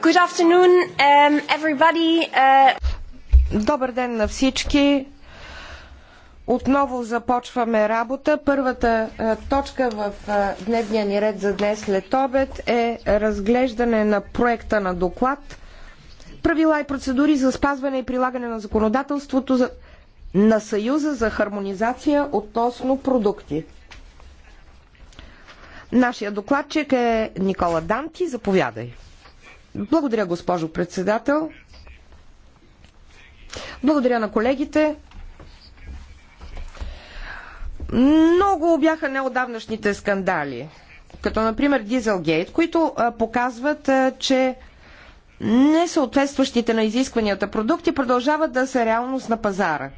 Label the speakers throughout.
Speaker 1: Good afternoon, um, everybody. Uh... Добър ден на всички. Отново започваме работа. Първата е, точка в е, дневния ни ред за днес след обед е разглеждане на проекта на доклад. Правила и процедури за спазване и прилагане на законодателството за... на Съюза за хармонизация относно продукти. Нашия докладчик е Никола Данти. Заповядай. Благодаря, госпожо председател. Благодаря на колегите. Много бяха неодавнашните скандали, като например Дизелгейт, които показват, че несъответстващите на изискванията продукти продължават да са реалност на пазара.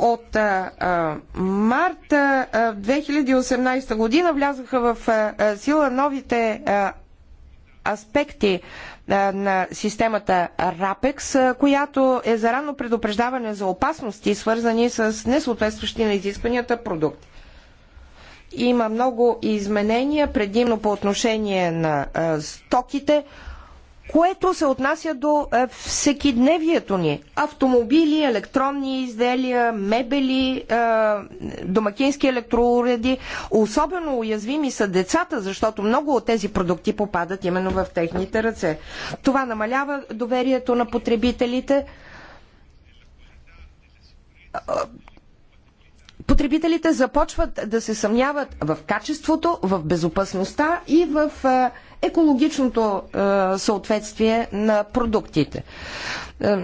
Speaker 1: от март 2018 година влязоха в сила новите аспекти на системата РАПЕКС, която е за ранно предупреждаване за опасности, свързани с несъответстващи на изискванията продукти. Има много изменения, предимно по отношение на стоките, което се отнася до е, всекидневието ни. Автомобили, електронни изделия, мебели, е, домакински електроуреди. Особено уязвими са децата, защото много от тези продукти попадат именно в техните ръце. Това намалява доверието на потребителите потребителите започват да се съмняват в качеството, в безопасността и в е, екологичното е, съответствие на продуктите. Е,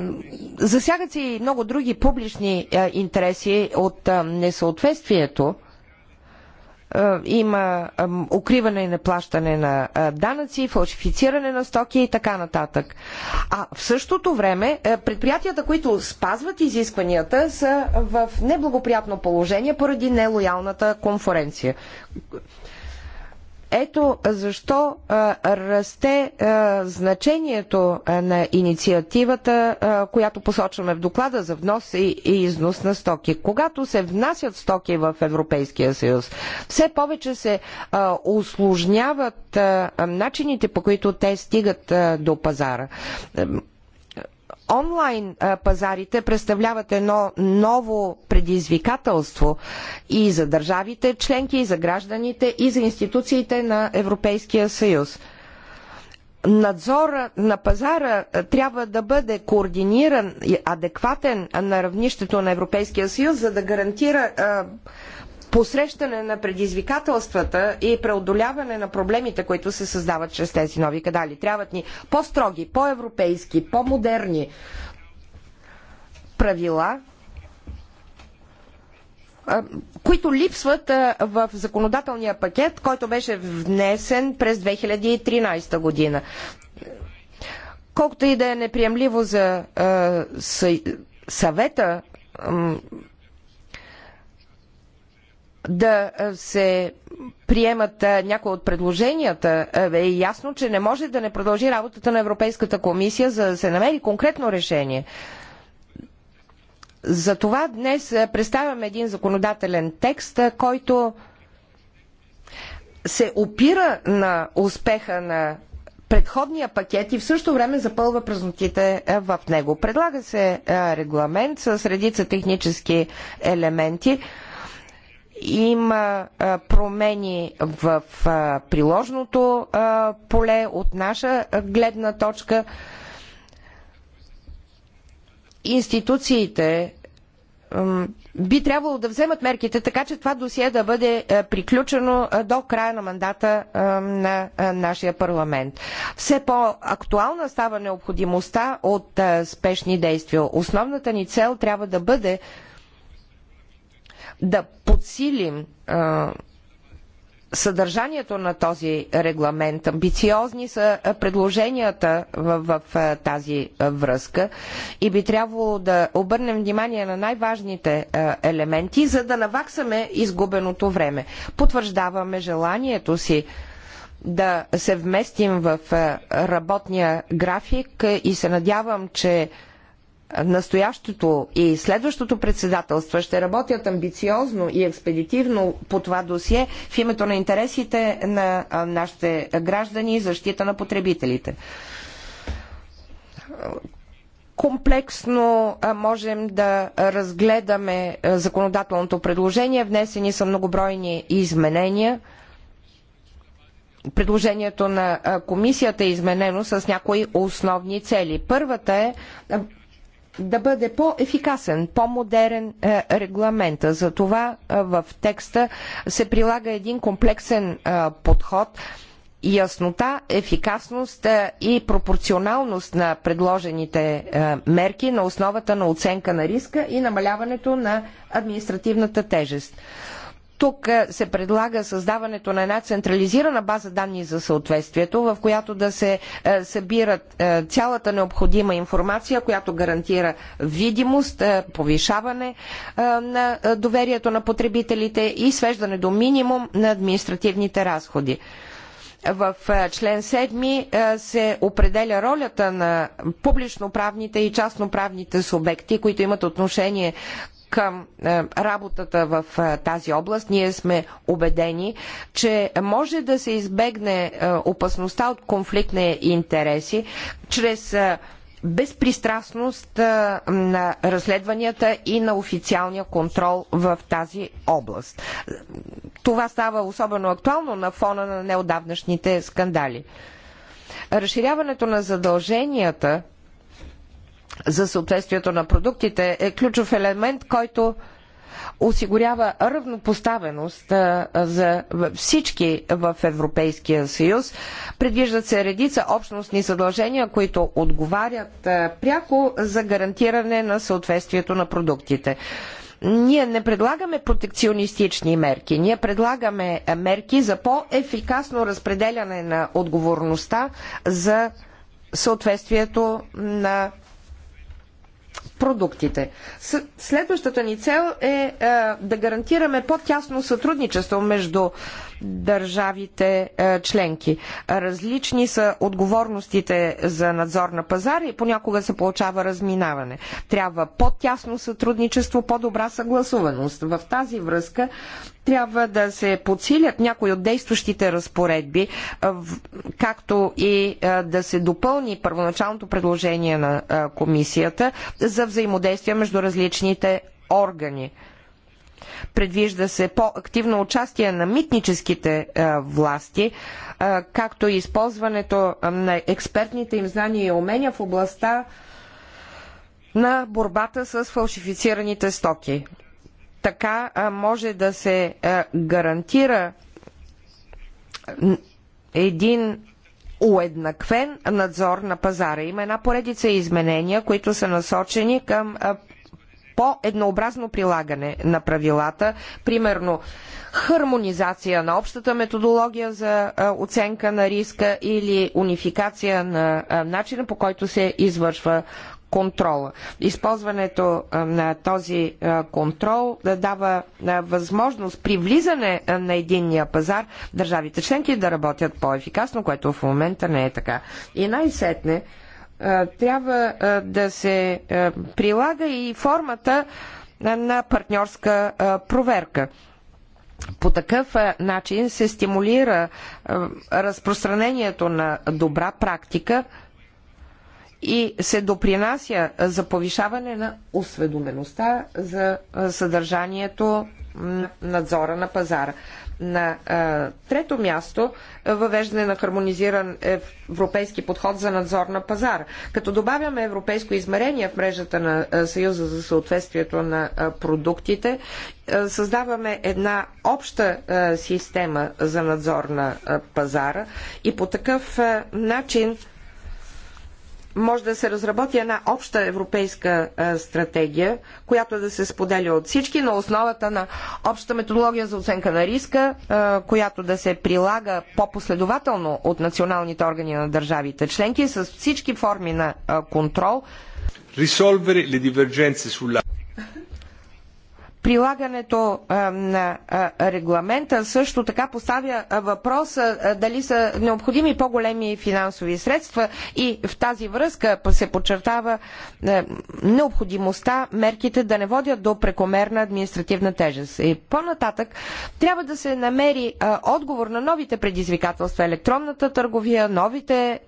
Speaker 1: засягат се и много други публични интереси от несъответствието е, има укриване и неплащане на е, данъци, фалшифициране на стоки и така нататък. А в същото време е, предприятията, които спазват изискванията, са в неблагоприятно положение поради нелоялната конкуренция. Ето защо расте значението на инициативата, която посочваме в доклада за внос и износ на стоки. Когато се внасят стоки в Европейския съюз, все повече се осложняват начините по които те стигат до пазара онлайн пазарите представляват едно ново предизвикателство и за държавите членки, и за гражданите, и за институциите на Европейския съюз. Надзора на пазара трябва да бъде координиран и адекватен на равнището на Европейския съюз, за да гарантира посрещане на предизвикателствата и преодоляване на проблемите, които се създават чрез тези нови кадали. Трябват ни по-строги, по-европейски, по-модерни правила, които липсват в законодателния пакет, който беше внесен през 2013 година. Колкото и да е неприемливо за съвета, да се приемат някои от предложенията, е ясно, че не може да не продължи работата на Европейската комисия, за да се намери конкретно решение. Затова днес представям един законодателен текст, който се опира на успеха на предходния пакет и в същото време запълва празнотите в него. Предлага се регламент с редица технически елементи, има промени в приложното поле от наша гледна точка. Институциите би трябвало да вземат мерките, така че това досие да бъде приключено до края на мандата на нашия парламент. Все по-актуална става необходимостта от спешни действия. Основната ни цел трябва да бъде да подсилим а, съдържанието на този регламент. Амбициозни са предложенията в, в, в тази връзка и би трябвало да обърнем внимание на най-важните елементи, за да наваксаме изгубеното време. Потвърждаваме желанието си да се вместим в работния график и се надявам, че настоящото и следващото председателство ще работят амбициозно и експедитивно по това досие в името на интересите на нашите граждани и защита на потребителите. Комплексно можем да разгледаме законодателното предложение. Внесени са многобройни изменения. Предложението на комисията е изменено с някои основни цели. Първата е да бъде по-ефикасен, по-модерен е, регламент. За това е, в текста се прилага един комплексен е, подход яснота, ефикасност е, и пропорционалност на предложените е, мерки на основата на оценка на риска и намаляването на административната тежест. Тук е, се предлага създаването на една централизирана база данни за съответствието, в която да се е, събират е, цялата необходима информация, която гарантира видимост, повишаване на доверието на потребителите и свеждане до минимум на административните разходи. В член 7 се определя ролята на публично-правните и частно-правните субекти, които имат отношение към е, работата в е, тази област. Ние сме убедени, че може да се избегне е, опасността от конфликт на интереси чрез безпристрастност на разследванията и на официалния контрол в тази област. Това става особено актуално на фона на неодавнашните скандали. Разширяването на задълженията за съответствието на продуктите е ключов елемент, който осигурява равнопоставеност за всички в Европейския съюз. Предвиждат се редица общностни задължения, които отговарят пряко за гарантиране на съответствието на продуктите. Ние не предлагаме протекционистични мерки, ние предлагаме мерки за по-ефикасно разпределяне на отговорността за съответствието на продуктите. Следващата ни цел е, е да гарантираме по-тясно сътрудничество между държавите е, членки. Различни са отговорностите за надзор на пазара и понякога се получава разминаване. Трябва по-тясно сътрудничество, по-добра съгласуваност. В тази връзка трябва да се подсилят някои от действащите разпоредби, е, както и е, да се допълни първоначалното предложение на комисията за взаимодействие между различните органи. Предвижда се по-активно участие на митническите е, власти, е, както и използването е, на експертните им знания и умения в областта на борбата с фалшифицираните стоки. Така може да се гарантира един уеднаквен надзор на пазара. Има една поредица изменения, които са насочени към по-еднообразно прилагане на правилата, примерно хармонизация на общата методология за оценка на риска или унификация на начина по който се извършва контрола. Използването на този контрол да дава възможност при влизане на единния пазар държавите членки да работят по-ефикасно, което в момента не е така. И най-сетне трябва да се прилага и формата на партньорска проверка. По такъв начин се стимулира разпространението на добра практика и се допринася за повишаване на осведомеността за съдържанието на надзора на пазара. На а, трето място въвеждане на хармонизиран европейски подход за надзор на пазар. Като добавяме европейско измерение в мрежата на Съюза за съответствието на продуктите, създаваме една обща система за надзор на пазара и по такъв начин може да се разработи една обща европейска стратегия, която да се споделя от всички на основата на обща методология за оценка на риска, която да се прилага по-последователно от националните органи на държавите членки с всички форми на
Speaker 2: контрол. Risolvere le divergenze sulla
Speaker 1: Прилагането на регламента също така поставя въпроса дали са необходими по-големи финансови средства и в тази връзка се подчертава необходимостта мерките да не водят до прекомерна административна тежест. И по-нататък трябва да се намери отговор на новите предизвикателства електронната търговия, новите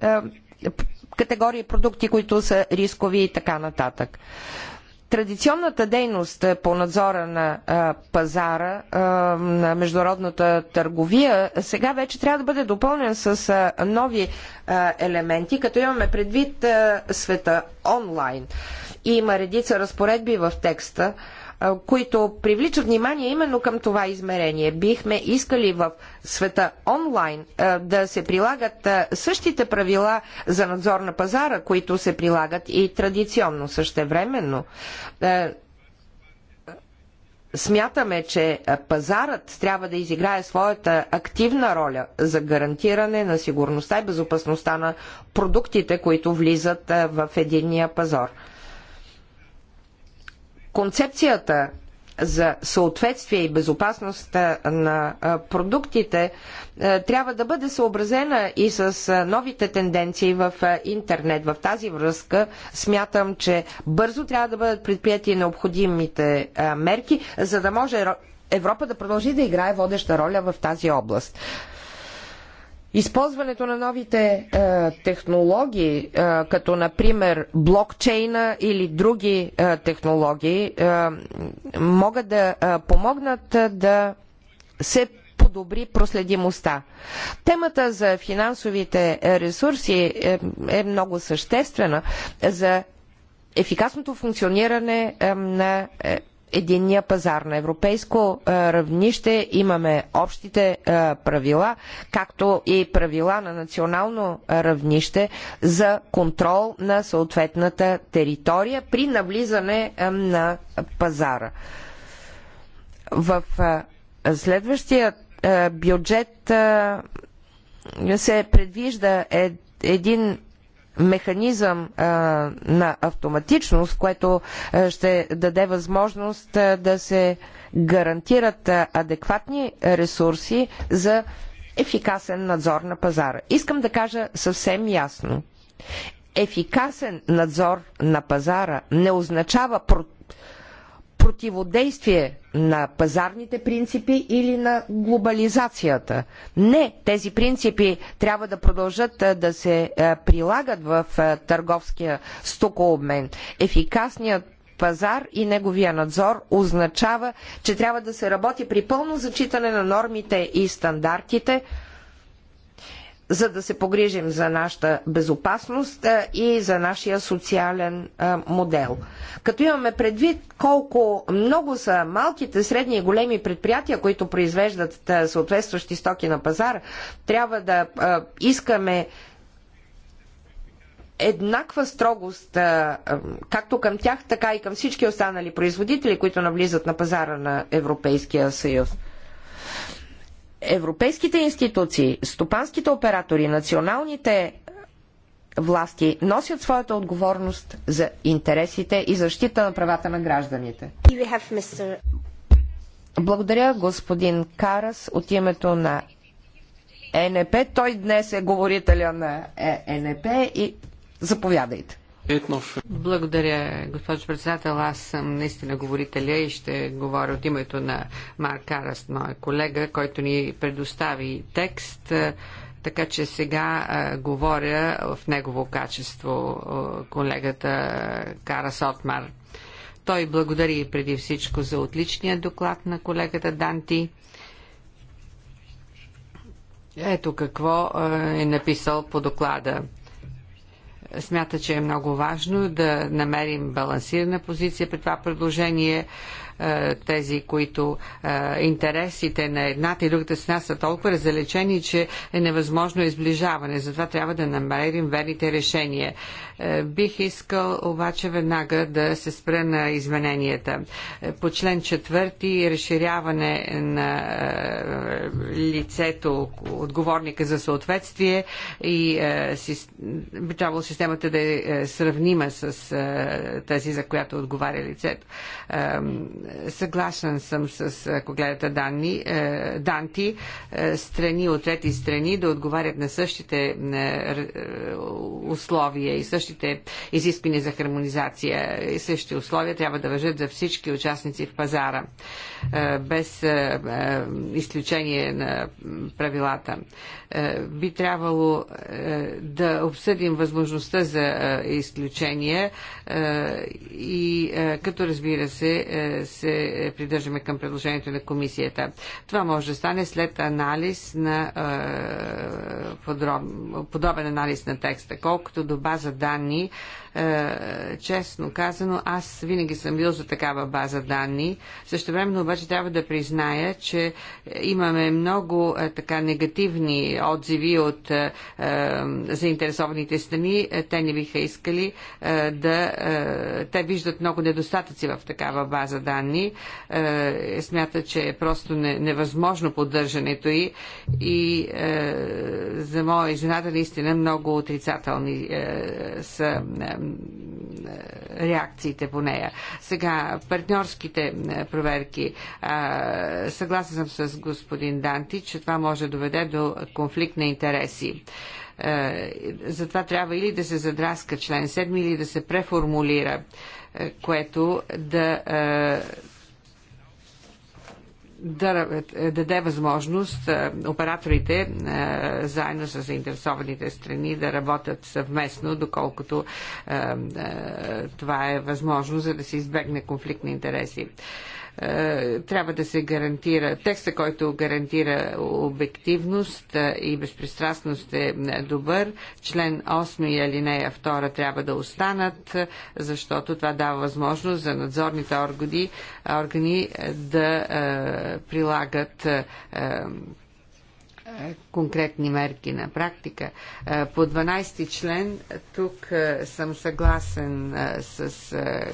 Speaker 1: категории продукти, които са рискови и така нататък. Традиционната дейност е, по надзора на пазара на международната търговия сега вече трябва да бъде допълнен с нови елементи, като имаме предвид света онлайн. И има редица разпоредби в текста, които привличат внимание именно към това измерение. Бихме искали в света онлайн да се прилагат същите правила за надзор на пазара, които се прилагат и традиционно същевременно. Смятаме, че пазарът трябва да изиграе своята активна роля за гарантиране на сигурността и безопасността на продуктите, които влизат в единния пазар концепцията за съответствие и безопасност на продуктите трябва да бъде съобразена и с новите тенденции в интернет. В тази връзка смятам, че бързо трябва да бъдат предприяти необходимите мерки, за да може Европа да продължи да играе водеща роля в тази област. Използването на новите е, технологии, е, като например блокчейна или други е, технологии, е, могат да е, помогнат е, да се подобри проследимостта. Темата за финансовите ресурси е, е много съществена за ефикасното функциониране е, на. Е, единния пазар. На европейско е, равнище имаме общите е, правила, както и правила на национално равнище за контрол на съответната територия при навлизане е, на пазара. В следващия бюджет се предвижда един механизъм а, на автоматичност, което а, ще даде възможност а, да се гарантират а, адекватни ресурси за ефикасен надзор на пазара. Искам да кажа съвсем ясно. Ефикасен надзор на пазара не означава против противодействие на пазарните принципи или на глобализацията. Не, тези принципи трябва да продължат да се прилагат в търговския стокообмен. Ефикасният пазар и неговия надзор означава, че трябва да се работи при пълно зачитане на нормите и стандартите, за да се погрижим за нашата безопасност и за нашия социален модел. Като имаме предвид колко много са малките, средни и големи предприятия, които произвеждат съответстващи стоки на пазар, трябва да искаме еднаква строгост както към тях, така и към всички останали производители, които навлизат на пазара на Европейския съюз европейските институции, стопанските оператори, националните власти носят своята отговорност за интересите и защита на правата на гражданите. Благодаря господин Карас от името на е ЕНП. Той днес е говорителя на е ЕНП и заповядайте.
Speaker 3: Благодаря, госпожо председател. Аз съм наистина говорителя и ще говоря от името на Марк Карас, моя колега, който ни предостави текст така че сега а, говоря в негово качество а, колегата Кара Сотмар. Той благодари преди всичко за отличния доклад на колегата Данти. Ето какво а, е написал по доклада смята, че е много важно да намерим балансирана позиция при това предложение. Е, тези, които е, интересите на едната и другата страна са толкова разделечени, че е невъзможно изближаване. Затова трябва да намерим верните решения. Е, бих искал обаче веднага да се спра на измененията. По член 4 разширяване на лицето, отговорника за съответствие и би трябвало системата да е сравнима с тази, за която отговаря лицето съгласен съм с гледате Данни, е, Данти, е, страни от трети страни да отговарят на същите е, условия и същите изисквания за хармонизация и същите условия трябва да въжат за всички участници в пазара, без изключение на правилата. Би трябвало да обсъдим възможността за изключение и като разбира се, се придържаме към предложението на комисията. Това може да стане след анализ на е, подобен анализ на текста. Колкото до база данни, е, честно казано, аз винаги съм бил за такава база данни. Също времено обаче трябва да призная, че имаме много е, така негативни отзиви от е, заинтересованите страни. Те не биха искали да... те виждат много недостатъци в такава база данни. смятат, че е просто невъзможно поддържането й и за моя изненада наистина много отрицателни са реакциите по нея. Сега, партньорските е, проверки. Съгласен съм с господин Данти, че това може да доведе до конфликт на интереси. Е, Затова трябва или да се задраска член 7, или да се преформулира, е, което да да даде възможност е, операторите е, заедно с заинтересованите страни да работят съвместно, доколкото е, това е възможно, за да се избегне конфликт на интереси. Е, трябва да се гарантира, текста, който гарантира обективност е, и безпристрастност е, е добър. Член 8 и алинея 2 трябва да останат, защото това дава възможност за надзорните органи, органи да прилагат конкретни мерки на практика. Е, по 12-ти член тук е, съм съгласен е, с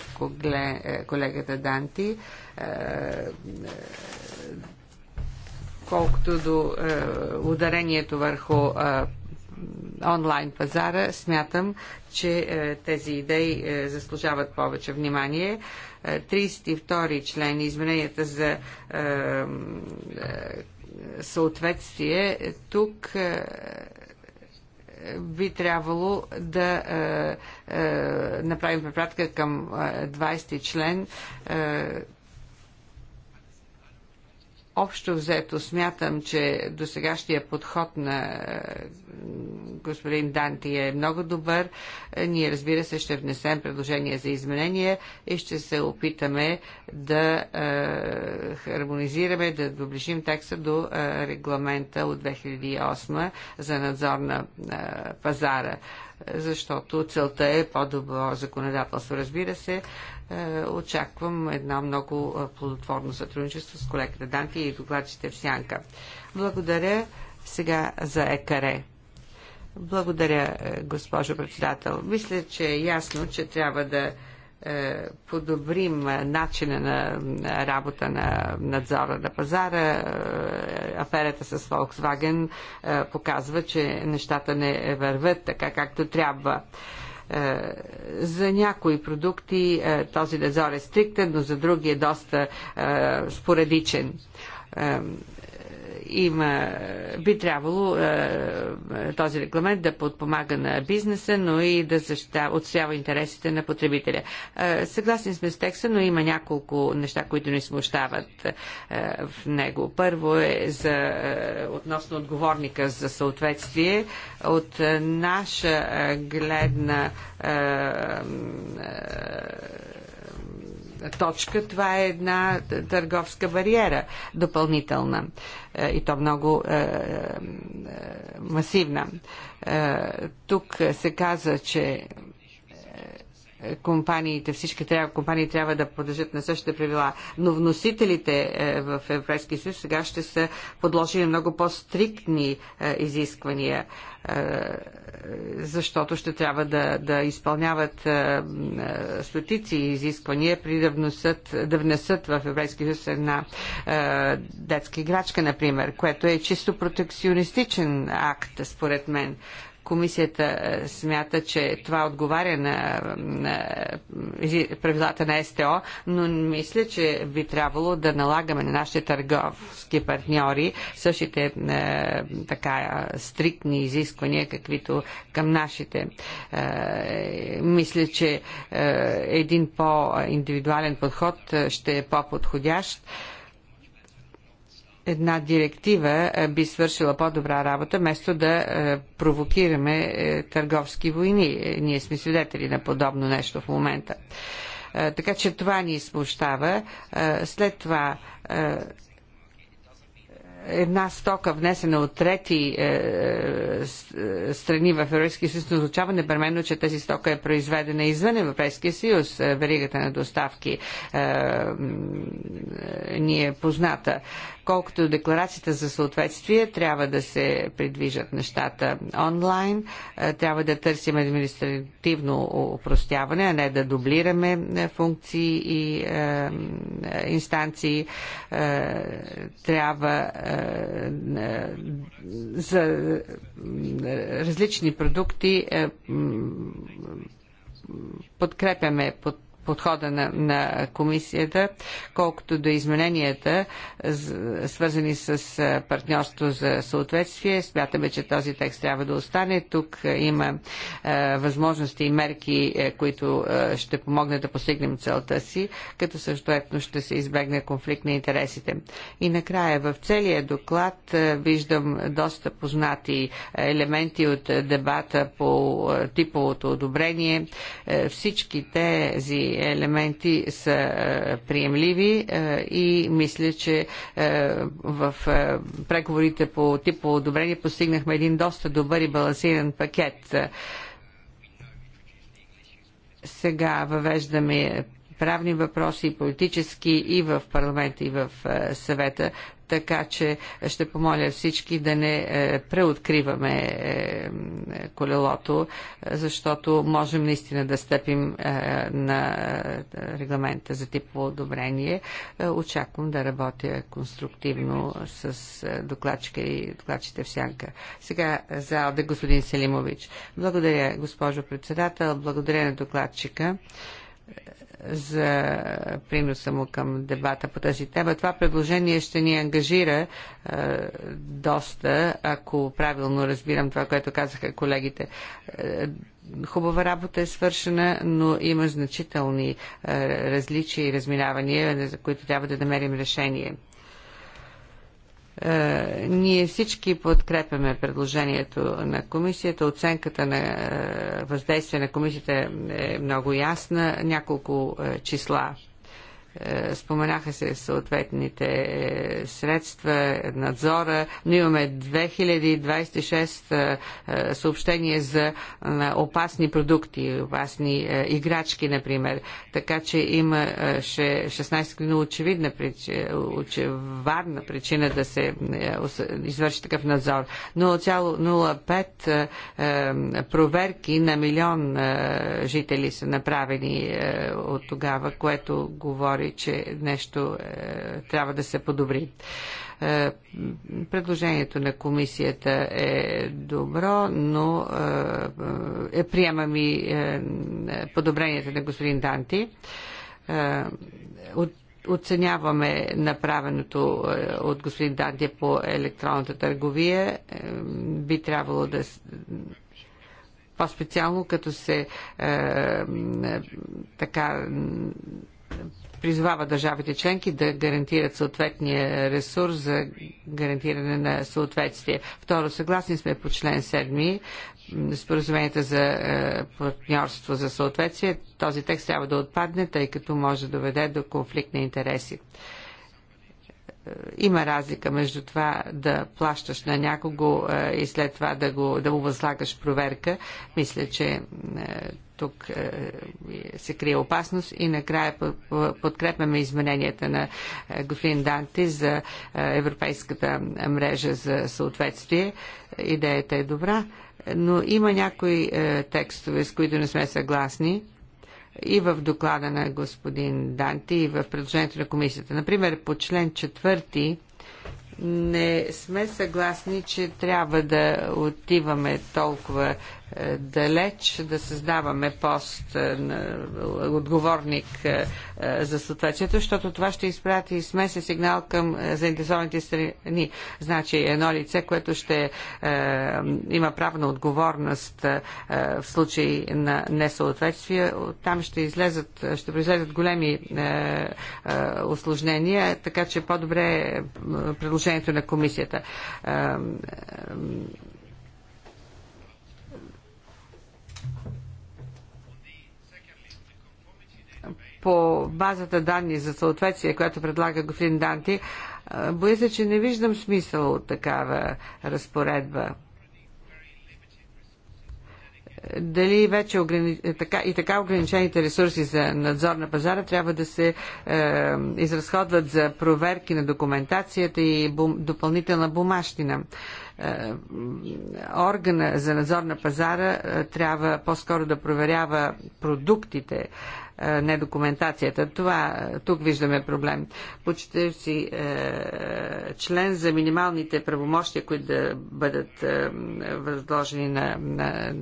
Speaker 3: колегата Данти. Колкото до ударението върху онлайн пазара, смятам, че тези идеи заслужават повече внимание. 32 член, измененията за съответствие, тук е, би трябвало да е, е, направим препратка към 20 член, Общо взето смятам, че сегашния подход на господин Данти е много добър. Ние, разбира се, ще внесем предложение за изменение и ще се опитаме да е, хармонизираме, да доближим текста до е, регламента от 2008 за надзор на е, пазара защото целта е по-добро законодателство. Разбира се, е, очаквам едно много е, плодотворно сътрудничество с колегата Данти и докладчите в Сянка. Благодаря сега за ЕКАРЕ. Благодаря, е, госпожо председател. Мисля, че е ясно, че трябва да е, подобрим е, начина на работа на надзора на пазара. Е, аферата с Volkswagen показва, че нещата не върват така както трябва. За някои продукти този надзор е стриктен, но за други е доста споредичен има, би трябвало е, този регламент да подпомага на бизнеса, но и да отстоява интересите на потребителя. Е, съгласни сме с текста, но има няколко неща, които ни смущават е, в него. Първо е за, относно отговорника за съответствие. От наша гледна точка, това е една търговска бариера допълнителна е, и то много е, е, масивна. Е, тук се каза, че е, компаниите, всички трябва, компании трябва да подлежат на същите правила, но вносителите е, в Европейския съюз сега ще са подложени много по-стриктни е, изисквания, е, защото ще трябва да, да изпълняват стотици изисквания при да внесат, да внесат в Европейския съюз една детска играчка, например, което е чисто протекционистичен акт, според мен. Комисията е, смята, че това отговаря на, на е, правилата на СТО, но мисля, че би трябвало да налагаме на нашите търговски партньори същите е, така стриктни изисквания, каквито към нашите. Мисля, че един по-индивидуален подход ще е по-подходящ една директива е, би свършила по-добра работа, вместо да е, провокираме е, търговски войни. Ние сме свидетели на подобно нещо в момента. Така че това ни смущава. След това една стока, внесена от трети страни в Европейския съюз, не означава непременно, че тази стока е произведена извън Европейския съюз. Веригата на доставки ни е позната. Колкото до декларацията за съответствие, трябва да се придвижат нещата онлайн, е, трябва да търсим административно упростяване, а не да дублираме е, функции и е, е, инстанции. Е, трябва е, за различни продукти подкрепяме под подхода на, на комисията, колкото до измененията, свързани с партньорство за съответствие. Смятаме, че този текст трябва да остане. Тук има възможности и мерки, които ще помогнат да постигнем целта си, като съответно ще се избегне конфликт на интересите. И накрая, в целия доклад виждам доста познати елементи от дебата по типовото одобрение. Е, всички тези елементи са е, приемливи е, и мисля, че е, в преговорите по типо одобрение постигнахме един доста добър и балансиран пакет. Сега въвеждаме правни въпроси и политически и в парламента и в е, съвета, така че ще помоля всички да не е, преоткриваме е, колелото, защото можем наистина да стъпим на регламента за типово одобрение. Очаквам да работя конструктивно с докладчика и докладчите в сянка. Сега за Алде господин Селимович. Благодаря, госпожо председател, благодаря на докладчика за приноса му към дебата по тази тема. Това предложение ще ни ангажира е, доста, ако правилно разбирам това, което казаха колегите. Е, хубава работа е свършена, но има значителни е, различия и разминавания, за които трябва да намерим решение. Е, ние всички подкрепяме предложението на комисията. Оценката на е, въздействие на комисията е много ясна. Няколко е, числа е, споменаха се съответните е, средства, надзора. Ние имаме 2026 е, съобщения за опасни продукти, опасни играчки, например. Така че има 16 години очевидна причина, причина да се извърши такъв надзор. 0,05 проверки на милион жители са направени от тогава, което говори говори, че нещо е, трябва да се подобри. Е, предложението на комисията е добро, но е, е, приемам и е, подобренията на господин Данти. Е, от оценяваме направеното е, от господин Данди по електронната търговия. Е, би трябвало да по-специално като се е, така призовава държавите членки да гарантират съответния ресурс за гарантиране на съответствие. Второ, съгласни сме по член 7 споразуменията за е, партньорство за съответствие. Този текст трябва да отпадне, тъй като може да доведе до конфликт на интереси има разлика между това да плащаш на някого е, и след това да, го, да му възлагаш проверка. Мисля, че е, тук е, се крие опасност и накрая подкрепяме измененията на господин Данти за Европейската мрежа за съответствие. Идеята е добра, но има някои текстове, с които не сме съгласни и в доклада на господин Данти, и в предложението на комисията. Например, по член четвърти не сме съгласни, че трябва да отиваме толкова далеч да създаваме пост е, отговорник е, е, за съответствието, защото това ще изпрати смесен сигнал към заинтересованите страни. Значи едно лице, което ще има правна отговорност в случай на несъответствие, там ще излезат, ще произлезат големи осложнения, така че по-добре е предложението на комисията по базата данни за съответствие, която предлага господин Данти, боя се, че не виждам смисъл от такава разпоредба дали вече ограни... така, и така ограничените ресурси за надзор на пазара трябва да се е, изразходват за проверки на документацията и бум... допълнителна бумащина. Е, органа за надзор на пазара е, трябва по-скоро да проверява продуктите, е, недокументацията. Това, е, тук виждаме проблем. Почти си е, член за минималните правомощия, които да бъдат възложени на, на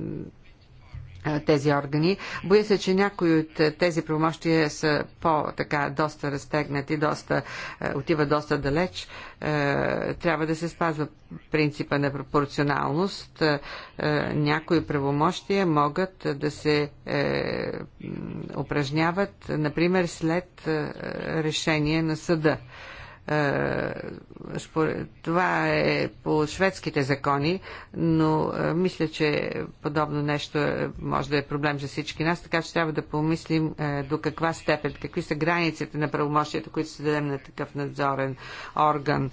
Speaker 3: тези органи. Боя се, че някои от тези правомощия са по-така доста разтегнати, доста, отива доста далеч. Трябва да се спазва принципа на пропорционалност. Някои правомощия могат да се е, упражняват, например, след решение на съда. Е, това е по шведските закони, но е, мисля, че подобно нещо е, може да е проблем за всички нас, така че трябва да помислим до каква степен, какви са границите на правомощията, които се дадем на такъв надзорен орган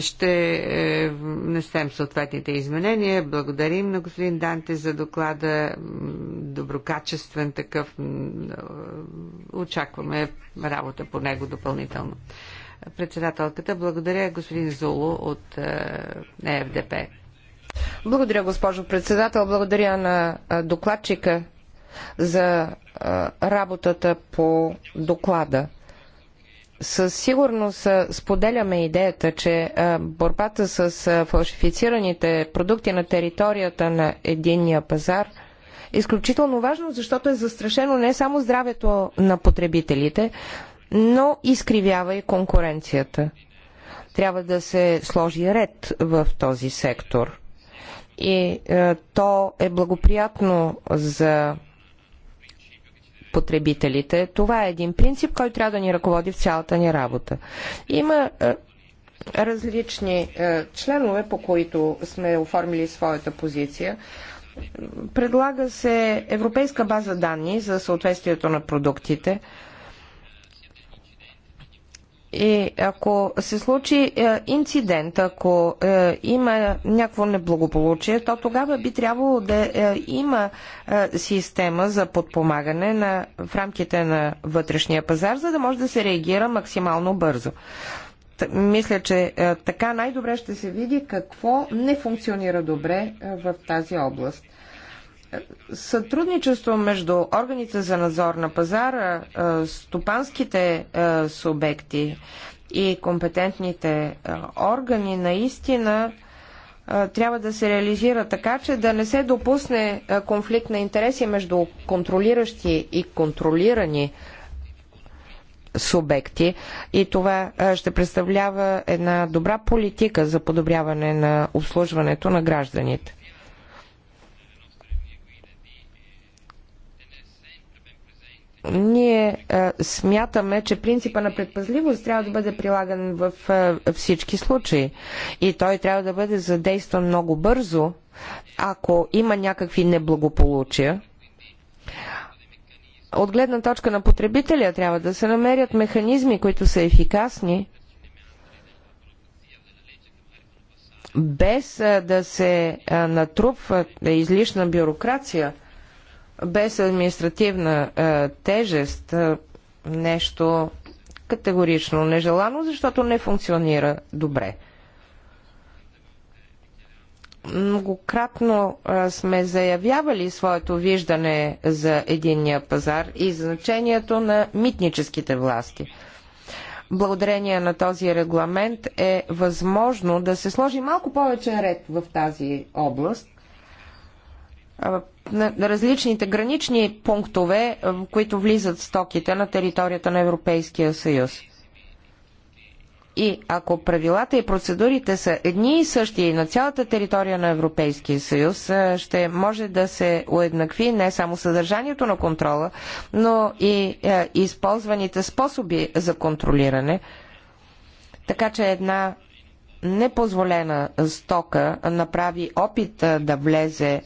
Speaker 3: ще внесем съответните изменения. Благодарим на господин Данте за доклада. Доброкачествен такъв. Очакваме работа по него допълнително. Председателката, благодаря господин Золо от е, ЕФДП.
Speaker 1: Благодаря, госпожо председател. Благодаря на е, докладчика за е, работата по доклада. Със сигурност споделяме идеята, че борбата с фалшифицираните продукти на територията на единния пазар е изключително важно, защото е застрашено не само здравето на потребителите, но изкривява и конкуренцията. Трябва да се сложи ред в този сектор. И е, то е благоприятно за потребителите. Това е един принцип, който трябва да ни ръководи в цялата ни работа. Има е, различни е, членове, по които сме оформили своята позиция. Предлага се европейска база данни за съответствието на продуктите. Е, и ако се случи е, инцидент, ако е, има някакво неблагополучие, то тогава би трябвало да е, има е, система за подпомагане на, в рамките на вътрешния пазар, за да може да се реагира максимално бързо. Т- мисля, че е, така най-добре ще се види какво не функционира добре е, в тази област сътрудничество между органите за надзор на пазара, е, стопанските е, субекти и компетентните е, органи наистина трябва да се реализира така, че да не се допусне конфликт на интереси между контролиращи и контролирани субекти и това ще представлява една добра политика за подобряване на обслужването на гражданите. Ние а, е, смятаме, че принципа на предпазливост трябва да бъде прилаган в а, е, всички случаи и той трябва да бъде задействан много бързо, ако има някакви неблагополучия. От гледна точка на потребителя трябва да се намерят механизми, които са ефикасни, без а, е, да се натрупва излишна бюрокрация – без административна а, е, тежест а, е, нещо категорично нежелано, защото не функционира добре. Многократно а, е, сме заявявали своето виждане за единния пазар и значението на митническите власти. Благодарение на този регламент е възможно да се сложи малко повече ред в тази област на различните гранични пунктове, в които влизат стоките на територията на Европейския съюз. И ако правилата и процедурите са едни и същи на цялата територия на Европейския съюз, ще може да се уеднакви не само съдържанието на контрола, но и използваните способи за контролиране. Така че една непозволена стока направи опит да влезе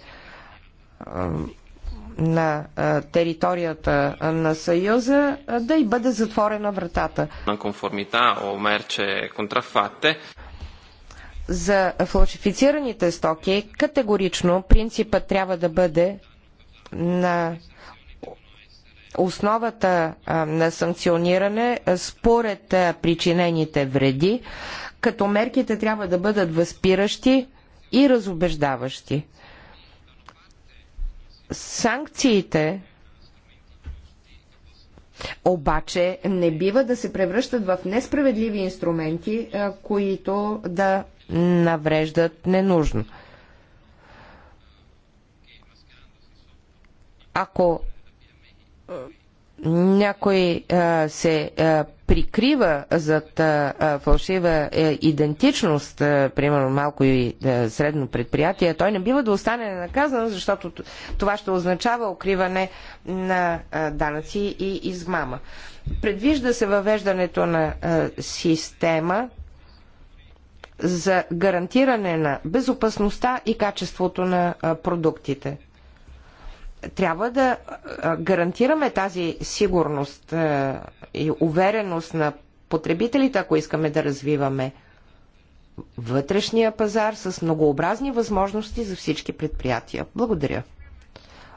Speaker 1: на територията на Съюза да й бъде затворена вратата.
Speaker 2: На конформита о мерче контрафатте.
Speaker 1: За фалшифицираните стоки категорично принципът трябва да бъде на основата на санкциониране според причинените вреди, като мерките трябва да бъдат възпиращи и разобеждаващи. Санкциите обаче не бива да се превръщат в несправедливи инструменти, които да навреждат ненужно. Ако някой се прикрива зад фалшива е, идентичност, примерно малко и средно предприятие, той не бива да остане наказан, защото това ще означава укриване на данъци и измама. Предвижда се въвеждането на система за гарантиране на безопасността и качеството на продуктите трябва да гарантираме тази сигурност и увереност на потребителите, ако искаме да развиваме вътрешния пазар с многообразни възможности за всички предприятия. Благодаря.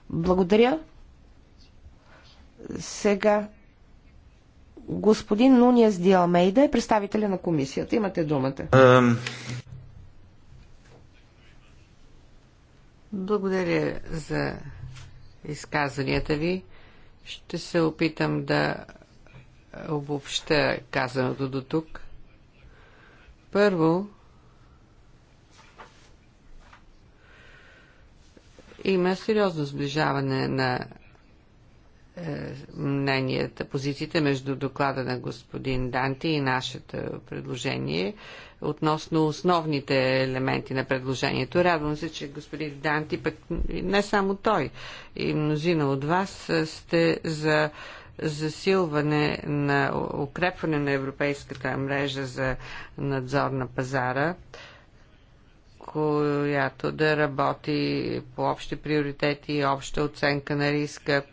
Speaker 1: Благодаря. Сега господин Нуниес Диалмейда е
Speaker 3: представителя на комисията. Имате думата.
Speaker 1: Um...
Speaker 3: Благодаря за изказанията ви. Ще се опитам да обобща казаното до тук. Първо, има сериозно сближаване на е, мненията, позициите между доклада на господин Данти и нашето предложение относно основните елементи на предложението. Радвам се, че господин Данти, пък не само той, и мнозина от вас сте за засилване на укрепване на европейската мрежа за надзор на пазара която да работи по общи приоритети и обща оценка на риска,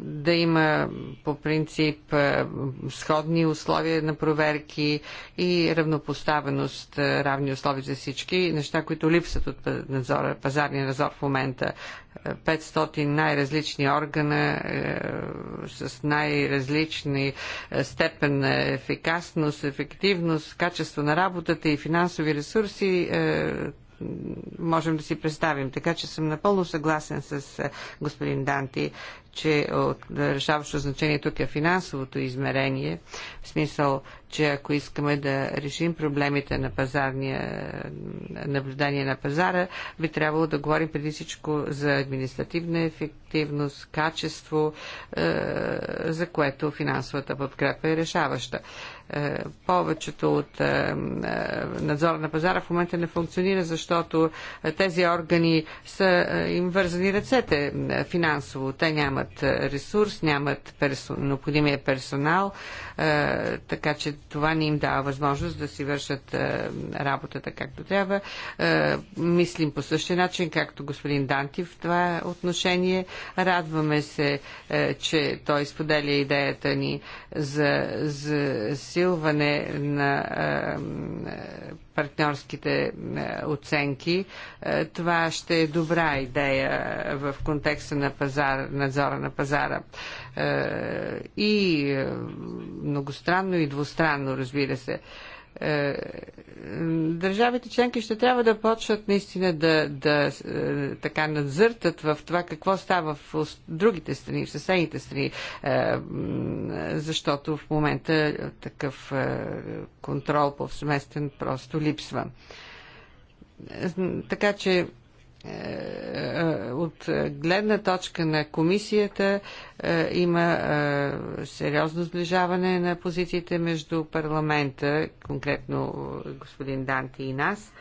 Speaker 3: да има по принцип е, сходни условия на проверки и равнопоставеност, е, равни условия за всички, неща, които липсват от надзора, пазарния надзор в момента. 500 е, най-различни органа с най-различни степен на ефикасност, ефективност, качество на работата и финансови ресурси можем да си представим. Така че съм напълно съгласен с е, господин Данти, че от е, решаващо значение тук е финансовото измерение, в смисъл, че ако искаме да решим проблемите на пазарния е, наблюдение на пазара, би трябвало да говорим преди всичко за административна ефективност, качество, за което финансовата подкрепа е решаваща. Е, повечето от е, е, надзора на пазара в момента не функционира, защото тези органи са им вързани ръцете финансово. Те нямат ресурс, нямат персо... необходимия персонал, така че това не им дава възможност да си вършат работата както трябва. Мислим по същия начин, както господин Данти в това отношение. Радваме се, че той споделя идеята ни за, за засилване на партньорските е, оценки. Е, това ще е добра идея в контекста на пазар, надзора на пазара. Е, и многостранно и двустранно, разбира се. Е, е, държавите членки ще трябва да почват наистина да, да е, така надзъртат в това какво става в другите страни, в съседните страни, защото в момента такъв контрол повсеместен просто липсва. Така че е, е, от гледна точка на комисията е, има сериозно сближаване на позициите между парламента, конкретно господин Данти и нас.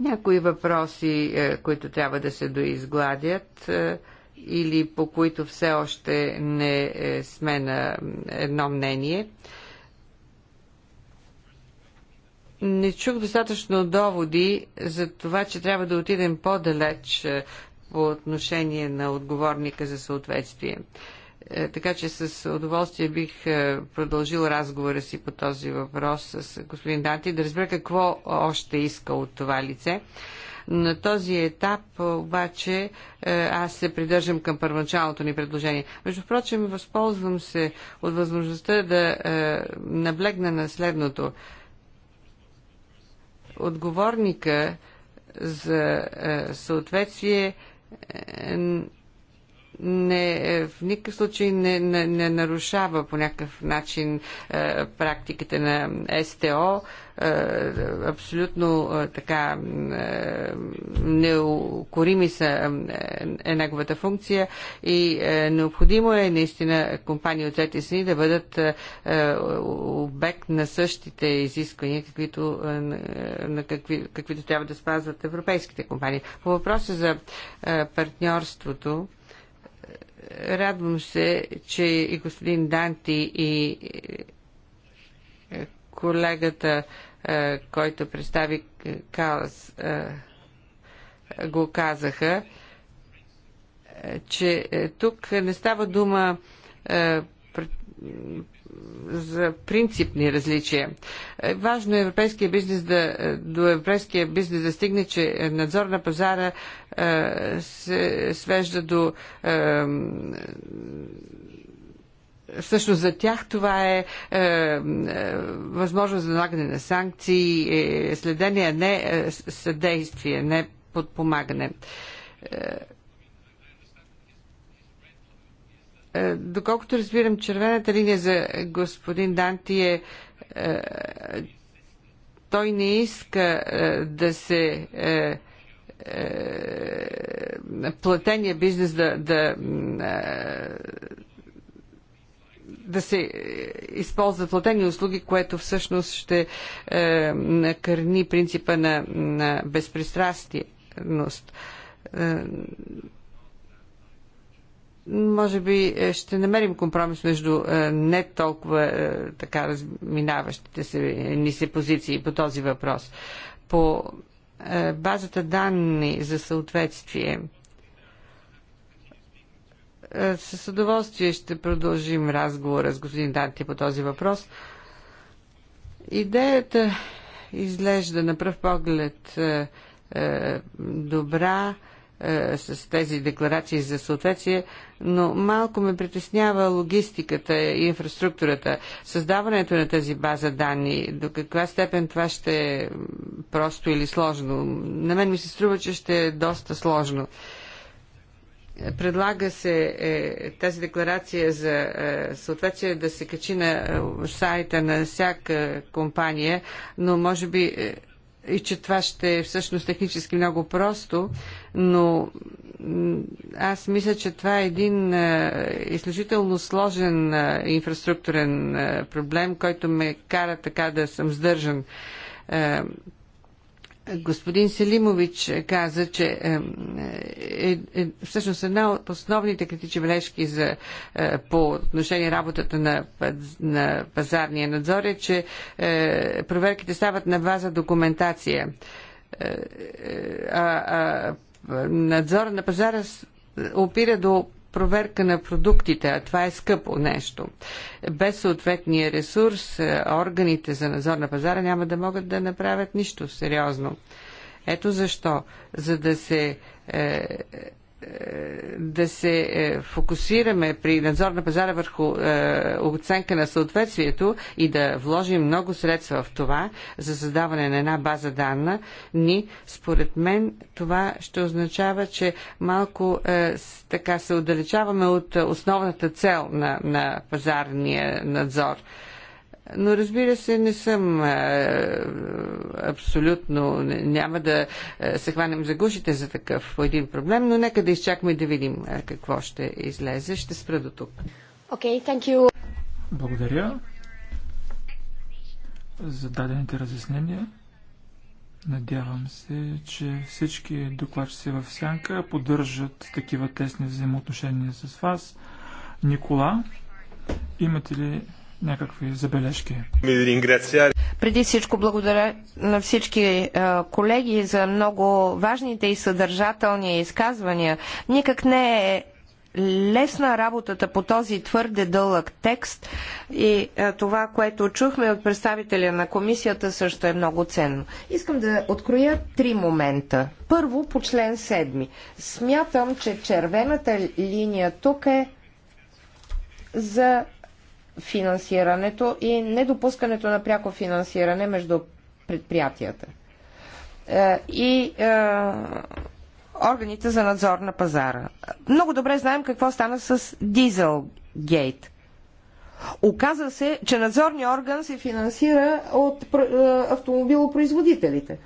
Speaker 3: Някои въпроси, които трябва да се доизгладят или по които все още не сме на едно мнение – не чух достатъчно доводи за това, че трябва да отидем по-далеч е, по отношение на отговорника за съответствие. Е, така че с удоволствие бих е, продължил разговора си по този въпрос с господин Данти, да разбера какво още иска от това лице. На този етап обаче аз се придържам към първоначалното ни предложение. Между прочим, възползвам се от възможността да наблегна на следното отговорника за е, съответствие е, не, в никакъв случай не, не, не нарушава по някакъв начин е, практиките на СТО. Е, абсолютно е, така е, неукорими са е, е неговата функция и е, необходимо е наистина компании от трети страни да бъдат е, е, обект на същите изисквания, каквито, е, е, на какви, каквито трябва да спазват европейските компании. По въпроса за е, партньорството, Радвам се, че и господин Данти и е, колегата, е, който представи Калас, е, го казаха, че тук не става дума за принципни различия. Е, важно е европейския бизнес да, до европейския бизнес да стигне, че надзор на пазара е, се свежда до е, всъщност за тях това е, е, е възможност за налагане на санкции, е, следение, не е, съдействие, не подпомагане. Е, Е, доколкото разбирам, червената линия за господин Данти е, е той не иска е, да се платения бизнес да, да, да се използват платени услуги, което всъщност ще накърни принципа на, на безпристрастност може би е, ще намерим компромис между е, не толкова е, така разминаващите се, ни се позиции по този въпрос. По базата данни за съответствие с удоволствие ще продължим разговора с господин Данти по този въпрос. Идеята изглежда на пръв поглед добра, е, с тези декларации за съответствие, но малко ме притеснява логистиката и инфраструктурата. Създаването на тази база данни, до каква степен това ще е просто или сложно? На мен ми се струва, че ще е доста сложно. Предлага се е, тази декларация за е, съответствие да се качи на е, сайта на всяка компания, но може би е, и че това ще е всъщност технически много просто, но аз мисля, че това е един е, изключително сложен е, инфраструктурен е, проблем, който ме кара така да съм сдържан Господин Селимович каза, че е, е, е, всъщност една от основните критични бележки за, е, по отношение работата на, на пазарния надзор е, че е, проверките стават на база документация. Е, е, а, а, надзора на пазара опира до проверка на продуктите, а това е скъпо нещо. Без съответния ресурс, е, органите за надзор на пазара няма да могат да направят нищо сериозно. Ето защо, за да се е, да се е, фокусираме при надзор на пазара върху е, оценка на съответствието и да вложим много средства в това за създаване на една база данна ни, според мен това ще означава, че малко е, така се отдалечаваме от основната цел на, на пазарния надзор. Но разбира се, не съм е, абсолютно, няма да е, се хванем за гушите за такъв един проблем, но нека да изчакаме да видим е, какво ще излезе. Ще спра до тук. Okay, thank you.
Speaker 2: Благодаря за дадените разяснения. Надявам се, че всички докладчици в Сянка поддържат такива тесни взаимоотношения с вас. Никола, имате ли някакви забележки. Преди всичко благодаря на всички
Speaker 1: е, колеги за много важните и съдържателни изказвания. Никак не е лесна работата по този твърде дълъг текст и е, това, което чухме от представителя на комисията също е много ценно. Искам да откроя три момента. Първо по член 7. Смятам, че червената линия тук е за финансирането и недопускането на пряко финансиране между предприятията е, и е, органите за надзор на пазара. Много добре знаем какво стана с Дизелгейт. Оказа се, че надзорният орган се финансира от е, автомобилопроизводителите.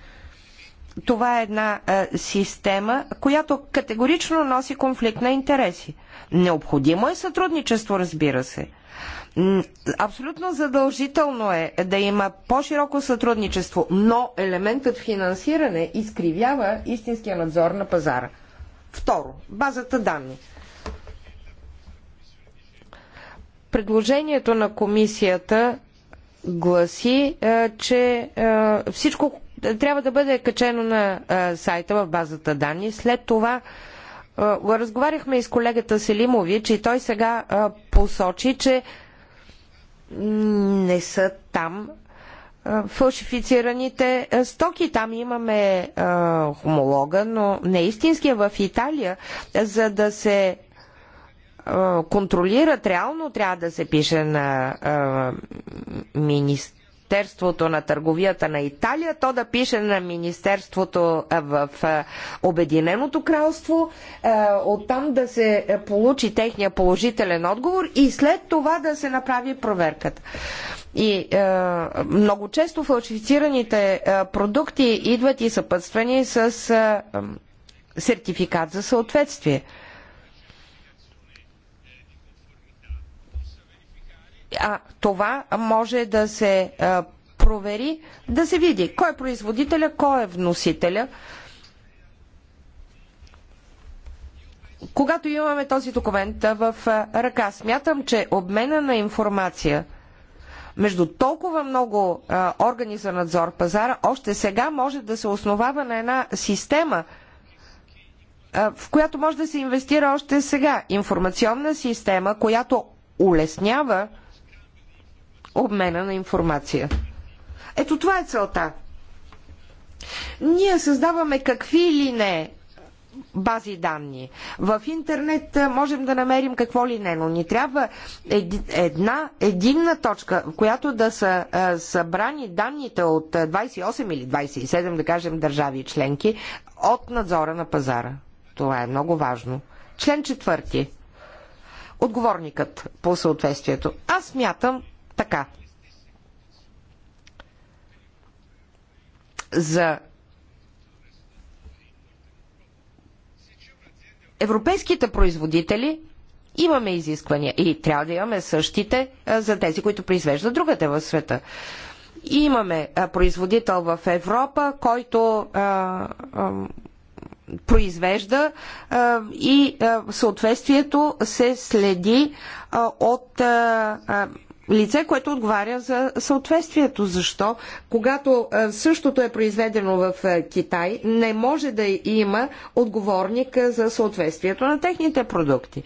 Speaker 1: Това е една е, система, която категорично носи конфликт на интереси. Необходимо е сътрудничество, разбира се. Абсолютно задължително е да има по-широко сътрудничество, но елементът финансиране изкривява истинския надзор на пазара. Второ, базата данни. Предложението на комисията гласи, е, че е, всичко трябва да бъде качено на е, сайта в базата данни. След това разговаряхме и с колегата Селимович и той сега посочи, че не са там фалшифицираните стоки. Там имаме а, хомолога, но не истинския в Италия, за да се а, контролират реално трябва да се пише на а, министр Министерството на търговията на Италия, то да пише на Министерството в Обединеното кралство, оттам да се получи техния положителен отговор и след това да се направи проверката. И е, много често фалшифицираните е, продукти идват и съпътствани с е, сертификат за съответствие. А това може да се провери, да се види кой е производителя, кой е вносителя. Когато имаме този документ в ръка, смятам, че обмена на информация между толкова много а, органи за надзор пазара, още сега може да се основава на една система, а, в която може да се инвестира още сега. Информационна система, която улеснява обмена на информация. Ето това е целта. Ние създаваме какви или не бази данни. В интернет можем да намерим какво ли не, но ни трябва една единна точка, в която да са събрани данните от 28 или 27, да кажем, държави и членки от надзора на пазара. Това е много важно. Член четвърти. Отговорникът по съответствието. Аз мятам, така. За европейските производители имаме изисквания и трябва да имаме същите за тези, които произвеждат другата в света. Имаме производител в Европа, който а, а, произвежда а, и съответствието се следи от лице, което отговаря за съответствието. Защо? Когато е, същото е произведено в е, Китай, не може да има отговорник е, за съответствието на техните продукти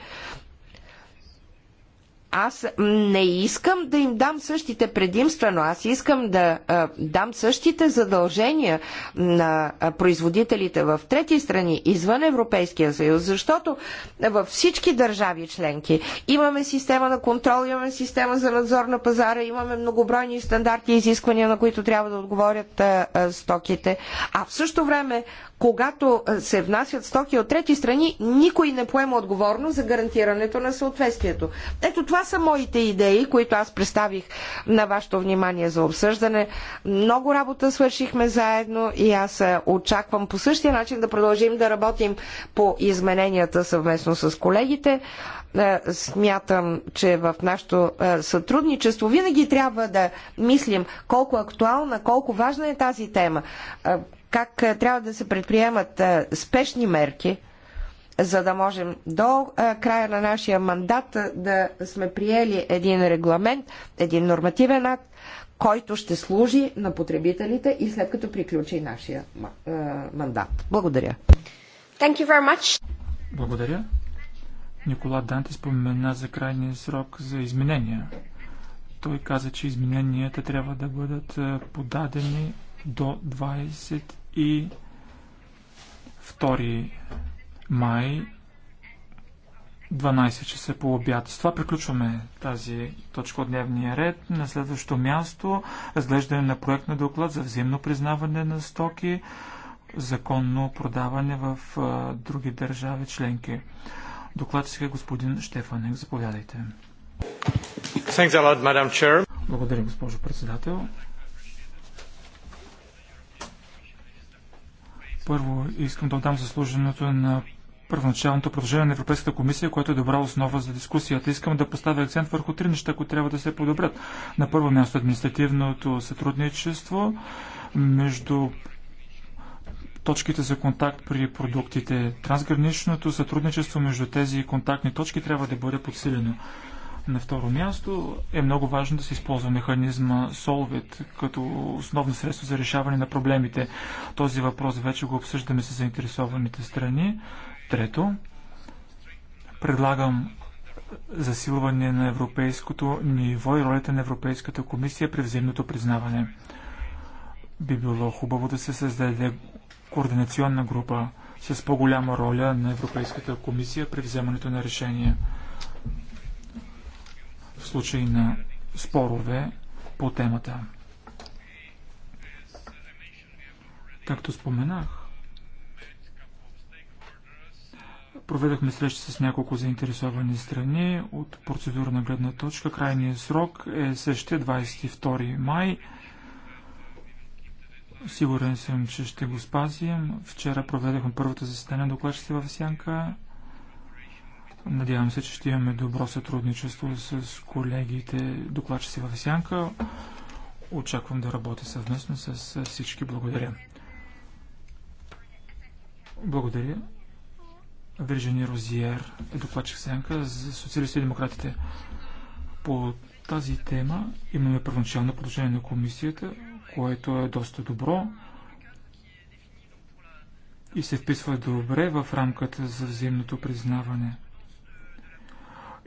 Speaker 1: аз не искам да им дам същите предимства, но аз искам да а, дам същите задължения на производителите в трети страни, извън Европейския съюз, защото във всички държави членки имаме система на контрол, имаме система за надзор на пазара, имаме многобройни стандарти и изисквания, на които трябва да отговорят а, а, стоките, а в същото време когато е, се внасят стоки от трети страни, никой не поема отговорност за гарантирането на съответствието. Ето това са моите идеи, които аз представих на вашето внимание за обсъждане. Много работа свършихме заедно и аз е, очаквам по същия начин да продължим да работим по измененията съвместно с колегите. Е, смятам, че в нашето сътрудничество винаги трябва да мислим колко актуална, колко важна е тази тема как трябва да се предприемат спешни мерки, за да можем до края на нашия мандат да сме приели един регламент, един нормативен акт, който ще служи на потребителите и след като приключи нашия мандат. Благодаря. Thank you very much.
Speaker 2: Благодаря. Никола Данте спомена за крайния срок за изменения. Той каза, че измененията трябва да бъдат подадени до 22 май 12 часа по обяд. С това приключваме тази точка от дневния ред. На следващото място разглеждане на проект на доклад за взаимно признаване на стоки, законно продаване в а, други държави членки. Докладчик е господин Штефанек. Заповядайте. Благодаря, госпожо председател. Първо искам да отдам заслуженото на първоначалното продължение на Европейската комисия, което е добра основа за дискусията. Искам да поставя акцент върху три неща, които трябва да се подобрят. На първо място административното сътрудничество между точките за контакт при продуктите. Трансграничното сътрудничество между тези контактни точки трябва да бъде подсилено. На второ място е много важно да се използва механизма Solvit като основно средство за решаване на проблемите. Този въпрос вече го обсъждаме с заинтересованите страни. Трето, предлагам засилване на европейското ниво и ролята на Европейската комисия при взаимното признаване. Би било хубаво да се създаде координационна група с по-голяма роля на Европейската комисия при вземането на решения случай на спорове по темата. Както споменах, проведохме срещи с няколко заинтересовани страни. От процедурна гледна точка крайният срок е същия 22 май. Сигурен съм, че ще го спазим. Вчера проведохме първото заседание на докладчици в Сянка. Надявам се, че ще имаме добро сътрудничество с колегите докладчици в Сянка. Очаквам да работя съвместно с всички. Благодаря. Благодаря. Вержени Розиер е докладчик Сянка за социалистите и демократите. По тази тема имаме първоначално предложение на комисията, което е доста добро и се вписва добре в рамката за взаимното признаване